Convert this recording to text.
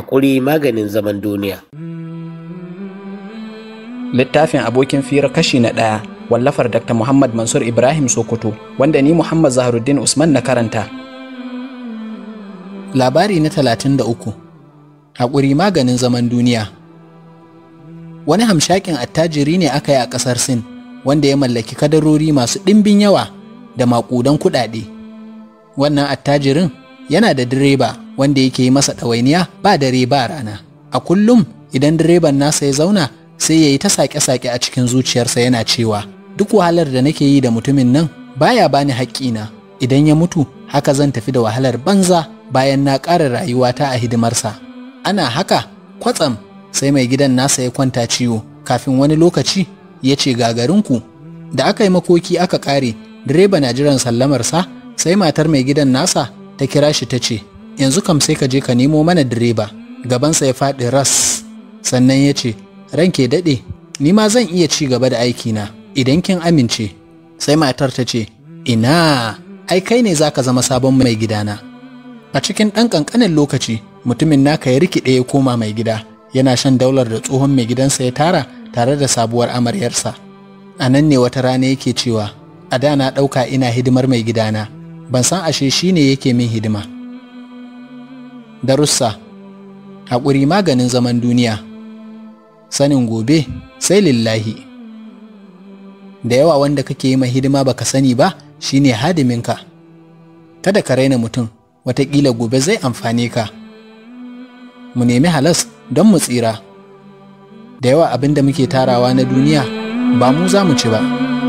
Hakuri maganin zaman duniya. Littafin abokin fira kashi na ɗaya wallafar Dr. Muhammad Mansur Ibrahim Sokoto wanda ni Muhammad Zaharuddin Usman na karanta. Labari na talatin da uku Haƙuri maganin zaman duniya Wani hamshakin attajiri ne aka yi a ƙasar Sin wanda ya mallaki kadarori masu ɗimbin yawa da maƙudan kuɗaɗe. Wannan attajirin yana da direba wanda yake yi masa ɗawainiya ba dare ba rana a kullum idan direban nasa ya zauna sai ya yi ta sake-sake a cikin zuciyarsa yana cewa duk wahalar da nake yi da mutumin nan baya bani haƙƙina idan ya mutu haka zan tafi da wahalar banza bayan na ƙara rayuwata a hidimarsa ana haka kwatsam sai mai gidan nasa ya kwanta ciwo kafin wani lokaci ya ce gagarinku da aka yi makoki aka ƙare direba na jiran sallamarsa sai matar mai gidan nasa ta kira shi ta ce yanzu kam sai ka je ka nemo mana direba gabansa ya faɗi ras sannan ya ce ranke daɗe ni ma zan iya ci gaba da aikina idan kin amince sai matar ta ce ina ai kai ne zaka zama sabon mai gida na?" a cikin ɗan ƙanƙanin lokaci mutumin naka ya rikide ya koma mai gida yana shan daular da tsohon mai gidansa ya tara tare da sabuwar amaryarsa a nan ne wata rana yake cewa a da na ɗauka ina hidimar mai gidana ban san ashe shi ne yake min hidima darussa haƙuri maganin zaman duniya sanin gobe sai lillahi da yawa wanda kake yi ma hidima baka sani ba shine hadiminka kada ka raina mutum watakila gobe zai amfane ka mu nemi halas don mu tsira da yawa abinda muke tarawa na duniya ba mu za mu ci ba